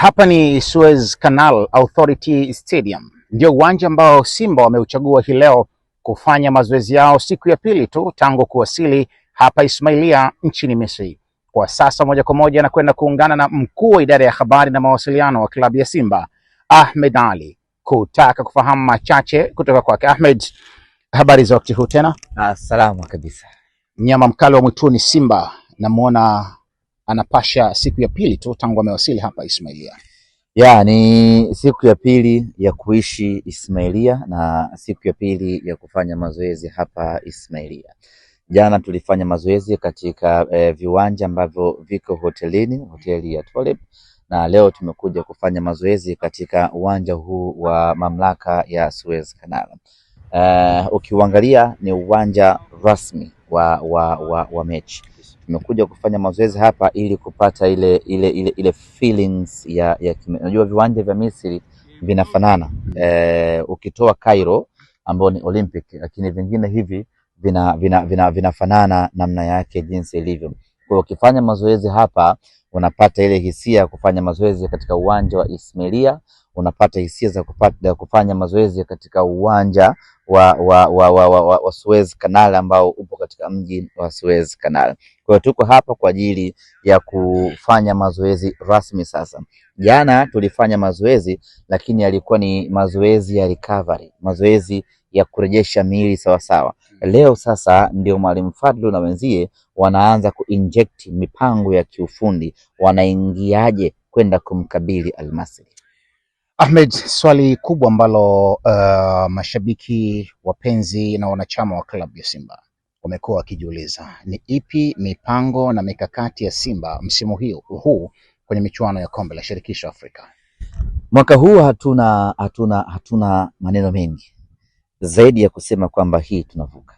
Hapa ni Suez Canal Authority Stadium, ndio uwanja ambao Simba wameuchagua hii leo kufanya mazoezi yao siku ya pili tu tangu kuwasili hapa Ismailia nchini Misri. Kwa sasa moja kwa moja anakwenda kuungana na mkuu wa idara ya habari na mawasiliano wa klabu ya Simba Ahmed Ali kutaka kufahamu machache kutoka kwake. Ahmed, habari za wakati huu tena? Ah, salama kabisa. Mnyama mkali wa mwituni Simba, namuona anapasha siku ya pili tu tangu amewasili hapa Ismailia. Ya, ni siku ya pili ya kuishi Ismailia na siku ya pili ya kufanya mazoezi hapa Ismailia. Jana tulifanya mazoezi katika eh, viwanja ambavyo viko hotelini, hoteli ya Tolib, na leo tumekuja kufanya mazoezi katika uwanja huu wa mamlaka ya Suez Canal. Uh, ukiuangalia ni uwanja rasmi wa, wa, wa, wa mechi tumekuja kufanya mazoezi hapa ili kupata ile ile ile, ile feelings ya, ya unajua viwanja vya Misri vinafanana e, ukitoa Cairo ambao ni Olympic, lakini vingine hivi vina vinafanana vina, vina namna yake jinsi ilivyo. Kwa hiyo ukifanya mazoezi hapa unapata ile hisia ya kufanya mazoezi katika uwanja wa Ismailia, unapata hisia za kupata, kufanya mazoezi katika uwanja wa, wa, wa, wa, wa, wa Suez Canal ambao upo katika mji wa Suez Canal. Kwa hiyo tuko hapa kwa ajili ya kufanya mazoezi rasmi sasa. Jana tulifanya mazoezi lakini yalikuwa ni mazoezi ya recovery, mazoezi ya kurejesha miili sawasawa. Leo sasa ndio Mwalimu Fadlu na wenzie wanaanza kuinject mipango ya kiufundi wanaingiaje kwenda kumkabili Almasri? Ahmed, swali kubwa ambalo uh, mashabiki wapenzi na wanachama wa klabu ya Simba wamekuwa wakijiuliza ni ipi mipango na mikakati ya Simba msimu hiu, huu kwenye michuano ya kombe la shirikisho Afrika. Mwaka huu hatuna, hatuna, hatuna maneno mengi zaidi ya kusema kwamba hii tunavuka.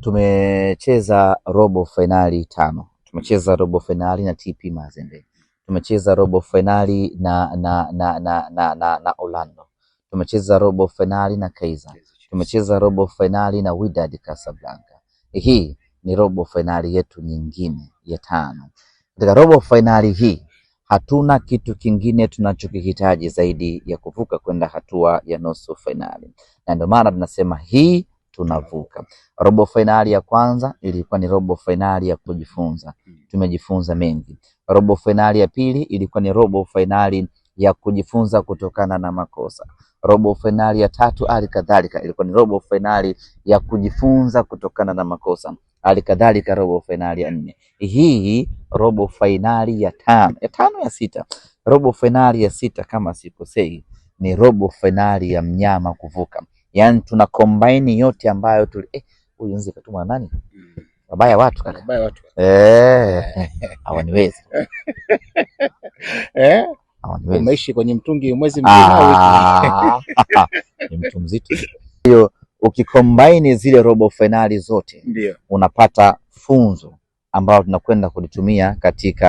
Tumecheza robo fainali tano tumecheza robo fainali na TP Mazembe, tumecheza robo fainali na, na, na, na, na, na, na Orlando, tumecheza robo fainali na Kaizer, tumecheza robo fainali na Wydad Casablanca. Hii ni robo fainali yetu nyingine ya tano. Katika robo fainali hii hatuna kitu kingine tunachokihitaji zaidi ya kuvuka kwenda hatua ya nusu fainali, na ndio maana tunasema hii tunavuka. Robo fainali ya kwanza ilikuwa ni robo fainali ya kujifunza, tumejifunza mengi. Robo fainali ya pili ilikuwa ni robo fainali ya kujifunza kutokana na makosa. Robo fainali ya tatu alikadhalika ilikuwa ni robo fainali ya kujifunza kutokana na makosa, alikadhalika robo fainali ya nne. Hii robo fainali ya tano ya tano ya sita, robo fainali ya sita kama sikosei, ni robo fainali ya mnyama kuvuka yani tuna combine yote ambayo tuli eh, huyu nzi katuma nani? Mabaya mm. watu kaka, mabaya watu eh, hawaniwezi eh, hawaniwezi. Umeishi kwenye mtungi mwezi mzima, ah. ni mtu mzito. Hiyo ukikombaini zile robo fainali zote, ndio unapata funzo ambayo tunakwenda kulitumia katika